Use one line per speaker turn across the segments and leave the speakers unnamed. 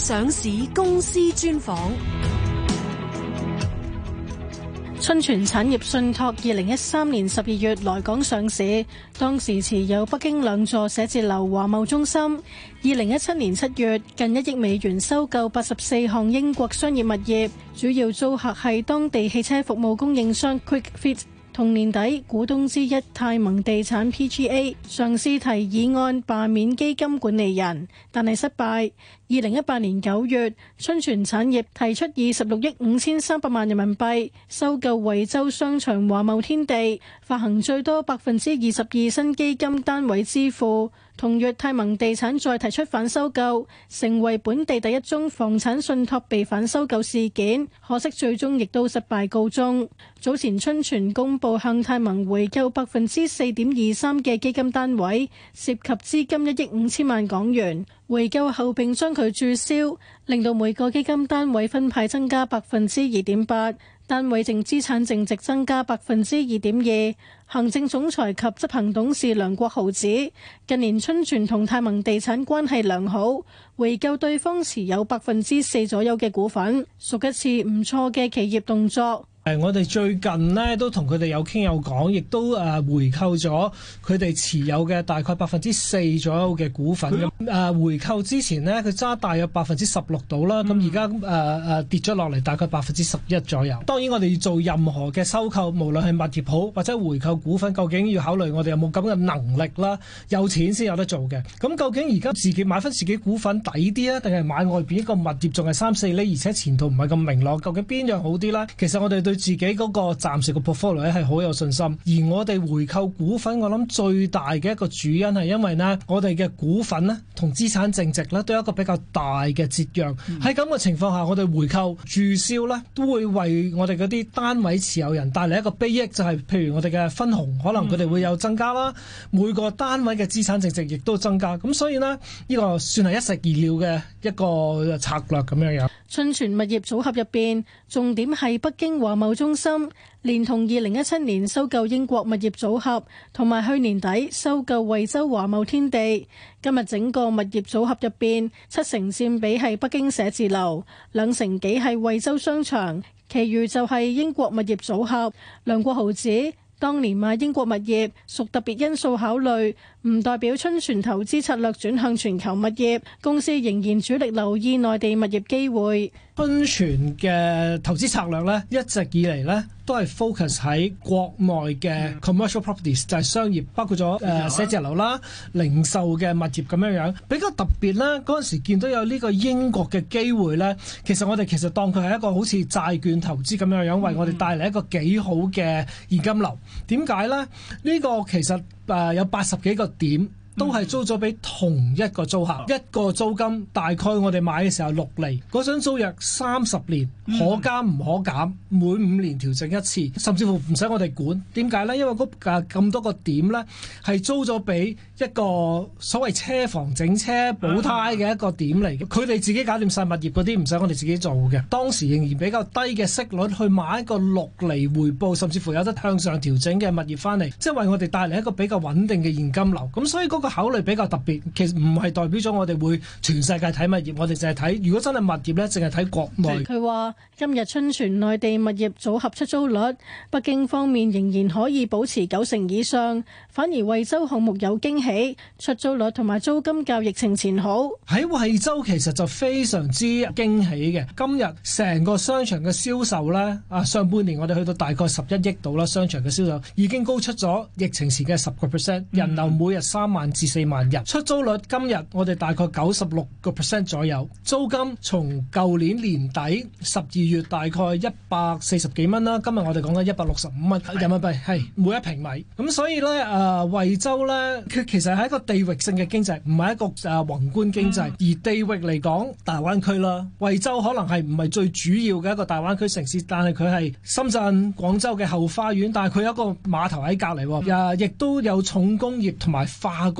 上市公司專訪春泉產業信託，二零一三年十二月來港上市，當時持有北京兩座寫字樓華貿中心。二零一七年七月，近一億美元收購八十四項英國商業物業，主要租客係當地汽車服務供應商 Quick Fit。同年底，股東之一泰盟地產 P G A 上司提議案罷免基金管理人，但係失敗。二零一八年九月，春泉產業提出二十六億五千三百萬人民幣收購惠州商場華貿天地，發行最多百分之二十二新基金單位支付。同月，泰盟地產再提出反收購，成為本地第一宗房產信託被反收購事件。可惜最終亦都失敗告終。早前春泉公布向泰盟回購百分之四點二三嘅基金單位，涉及資金一億五千萬港元。回購後並將佢註銷，令到每個基金單位分派增加百分之二點八，單位淨資產淨值增加百分之二點二。行政總裁及執行董事梁國豪指，近年春泉同泰盟地產關係良好，回購對方持有百分之四左右嘅股份，屬一次唔錯嘅企業動作。
誒、哎，我哋最近呢都同佢哋有傾有講，亦都誒、呃、回購咗佢哋持有嘅大概百分之四左右嘅股份嘅。誒、嗯呃、回購之前呢，佢揸大約百分之十六度啦。咁而家誒誒跌咗落嚟，大概百分之十一左右。當然我哋要做任何嘅收購，無論係物業好或者回購股份，究竟要考慮我哋有冇咁嘅能力啦，有錢先有得做嘅。咁究竟而家自己買翻自己股份抵啲啊，定係買外邊一個物業仲係三四厘，而且前途唔係咁明朗，究竟邊樣好啲啦？其實我哋對自己嗰個暫時嘅 portfolio 係好有信心，而我哋回購股份，我諗最大嘅一個主因係因為呢，我哋嘅股份咧同資產淨值咧都有一個比較大嘅折讓。喺咁嘅情況下，我哋回購註銷咧都會為我哋嗰啲單位持有人帶嚟一個裨益，就係、是、譬如我哋嘅分紅可能佢哋會有增加啦，嗯、每個單位嘅資產淨值亦都增加。咁所以呢，呢、這個算係一石二鳥嘅一個策略咁樣樣。
春泉物業組合入邊，重點係北京華貿中心，連同二零一七年收購英國物業組合，同埋去年底收購惠州華貿天地。今日整個物業組合入邊，七成占比係北京寫字樓，兩成幾係惠州商場，其餘就係英國物業組合。梁國豪指。當年買英國物業屬特別因素考慮，唔代表春泉投資策略轉向全球物業，公司仍然主力留意內地物業機會。春
泉嘅投資策略呢，一直以嚟呢都係 focus 喺國內嘅 commercial properties，就係商業，包括咗誒、呃、寫字樓啦、零售嘅物業咁樣樣。比較特別咧，嗰陣時見到有呢個英國嘅機會呢，其實我哋其實當佢係一個好似債券投資咁樣樣，為我哋帶嚟一個幾好嘅現金流。點解呢？呢、這個其實誒、呃、有八十幾個點。都係租咗俾同一個租客，啊、一個租金大概我哋買嘅時候六厘，嗰張租約三十年，嗯、可加唔可減，每五年調整一次，甚至乎唔使我哋管。點解咧？因為個價咁多個點咧，係租咗俾一個所謂車房整車補胎嘅一個點嚟嘅，佢哋自己搞掂晒物業嗰啲，唔使我哋自己做嘅。當時仍然比較低嘅息率去買一個六厘回報，甚至乎有得向上調整嘅物業翻嚟，即係為我哋帶嚟一個比較穩定嘅現金流。咁所以嗰、嗰個個考慮比較特別，其實唔係代表咗我哋會全世界睇物業，我哋淨係睇。如果真係物業呢，淨係睇國內。佢
話今日春泉內地物業組合出租率，北京方面仍然可以保持九成以上，反而惠州項目有驚喜，出租率同埋租金較疫情前好。
喺惠州其實就非常之驚喜嘅。今日成個商場嘅銷售呢，啊，上半年我哋去到大概十一億度啦，商場嘅銷售已經高出咗疫情前嘅十個 percent，人流每日三萬。至四萬人，出租率今日我哋大概九十六個 percent 左右，租金從舊年年底十二月大概一百四十幾蚊啦，今日我哋講緊一百六十五蚊人民幣係每一平米。咁所以呢，誒、呃、惠州呢，佢其實係一個地域性嘅經濟，唔係一個誒、啊、宏觀經濟。嗯、而地域嚟講，大灣區啦，惠州可能係唔係最主要嘅一個大灣區城市，但係佢係深圳、廣州嘅後花園，但係佢有一個碼頭喺隔籬，誒、呃、亦都有重工業同埋化工。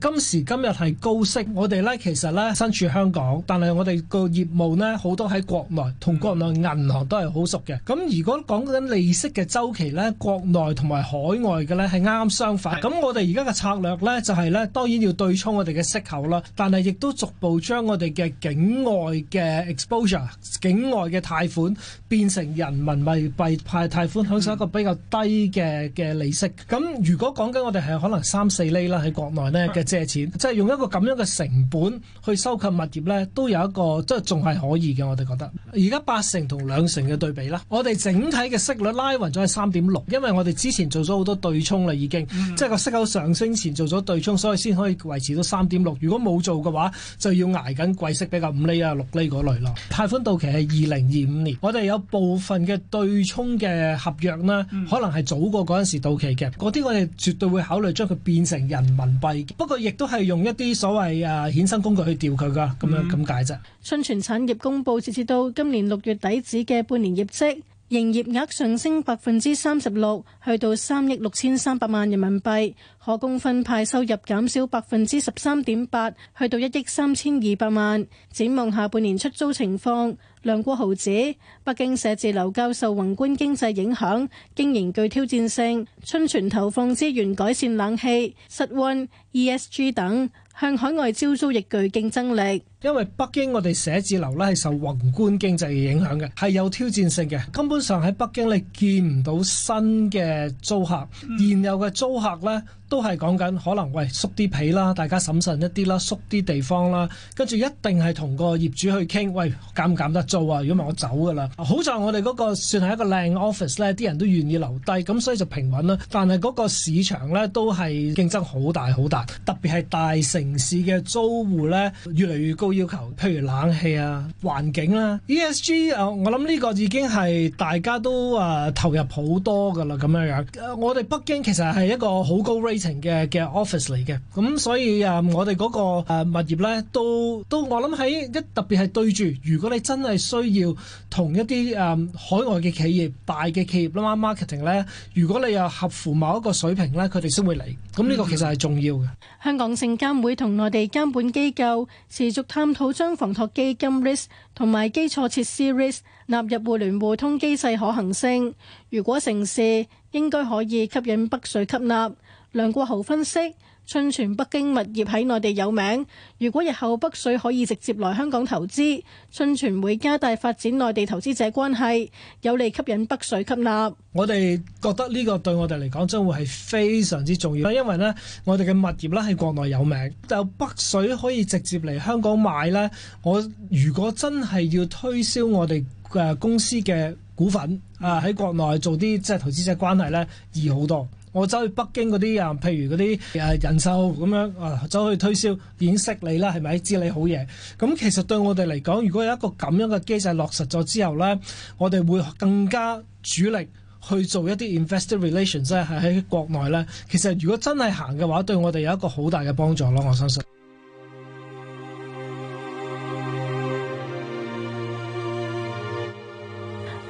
今時今日係高息，我哋呢其實呢身處香港，但係我哋個業務呢好多喺國內，同國內銀行都係好熟嘅。咁如果講緊利息嘅周期呢，國內同埋海外嘅呢係啱啱相反。咁的我哋而家嘅策略呢，就係、是、呢當然要對沖我哋嘅息口啦，但係亦都逐步將我哋嘅境外嘅 exposure、境外嘅貸款變成人民幣幣派貸款，嗯、享受一個比較低嘅嘅利息。咁如果講緊我哋係可能三四厘啦喺國內呢。嘅。借錢即係用一個咁樣嘅成本去收購物業呢都有一個即係仲係可以嘅，我哋覺得。而家八成同兩成嘅對比啦，我哋整體嘅息率拉勻咗係三點六，因為我哋之前做咗好多對沖啦，已經、嗯、即係個息口上升前做咗對沖，所以先可以維持到三點六。如果冇做嘅話，就要捱緊貴息，比較五厘啊、六厘嗰類咯。貸款到期係二零二五年，我哋有部分嘅對沖嘅合約咧，可能係早過嗰陣時到期嘅，嗰啲我哋絕對會考慮將佢變成人民幣，不過。亦都係用一啲所謂誒、呃、衍生工具去調佢噶，咁、嗯、樣咁解啫。
春泉產業公佈截至到今年六月底止嘅半年業績。營業額上升百分之三十六，去到三億六千三百萬人民幣。可供分派收入減少百分之十三點八，去到一億三千二百萬。展望下半年出租情況，梁國豪指北京寫字樓較受宏觀經濟影響，經營具挑戰性。春泉投放資源改善冷氣、室溫、ESG 等。向海外招租亦具競爭力，
因為北京我哋寫字樓咧，係受宏觀經濟嘅影響嘅，係有挑戰性嘅。根本上喺北京，你見唔到新嘅租客，現有嘅租客咧。都係講緊可能喂縮啲皮啦，大家審慎一啲啦，縮啲地方啦，跟住一定係同個業主去傾，喂減唔減得租啊？如果唔係我走㗎啦，好在我哋嗰個算係一個靚 office 咧，啲人都願意留低，咁所以就平穩啦。但係嗰個市場咧都係競爭好大好大，特別係大城市嘅租戶咧越嚟越高要求，譬如冷氣啊、環境啦、ESG 啊，ES G，呃、我諗呢個已經係大家都啊、呃、投入好多㗎啦咁樣樣、呃。我哋北京其實係一個好高 rate, 程嘅嘅 office 嚟嘅，咁所以誒，我哋嗰個誒物業咧，都都我諗喺一特別係對住，如果你真係需要同一啲誒海外嘅企業大嘅企業啦 marketing 咧，如果你又合乎某一個水平咧，佢哋先會嚟。咁呢個其實係重要嘅。
香港證監會同內地監管機構持續探討將房託基金 risk 同埋基礎設施 risk 納入互聯互通機制可行性。如果成事，應該可以吸引北水吸納。梁國豪分析：春泉北京物業喺內地有名，如果日後北水可以直接來香港投資，春泉會加大發展內地投資者關係，有利吸引北水吸納。
我哋覺得呢個對我哋嚟講真會係非常之重要，因為呢，我哋嘅物業咧喺國內有名，就北水可以直接嚟香港買呢，我如果真係要推銷我哋嘅公司嘅股份啊，喺國內做啲即係投資者關係呢，易好多。我走去北京嗰啲啊，譬如嗰啲啊人壽咁樣啊，走去推銷，已經識你啦，係咪？知你好嘢，咁其實對我哋嚟講，如果有一個咁樣嘅機制落實咗之後咧，我哋會更加主力去做一啲 investor relations 咧，喺、就是、國內咧，其實如果真係行嘅話，對我哋有一個好大嘅幫助咯，我相信。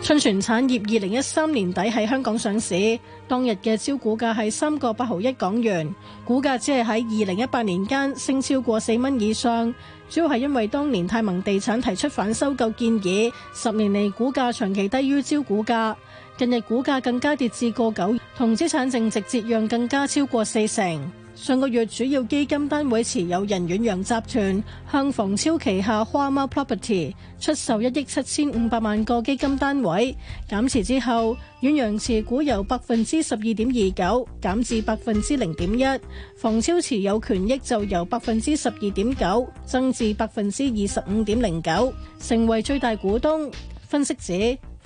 春泉產業二零一三年底喺香港上市，當日嘅招股價係三個八毫一港元，股價只係喺二零一八年間升超過四蚊以上，主要係因為當年泰盟地產提出反收購建議，十年嚟股價長期低於招股價，近日股價更加跌至過九，同資產淨值折讓更加超過四成。上個月，主要基金單位持有人遠洋集團向房超旗下花貓 Property 出售一億七千五百萬個基金單位，減持之後，遠洋持股由百分之十二點二九減至百分之零點一，房超持有權益就由百分之十二點九增至百分之二十五點零九，成為最大股東。分析指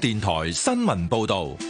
電台新聞報道。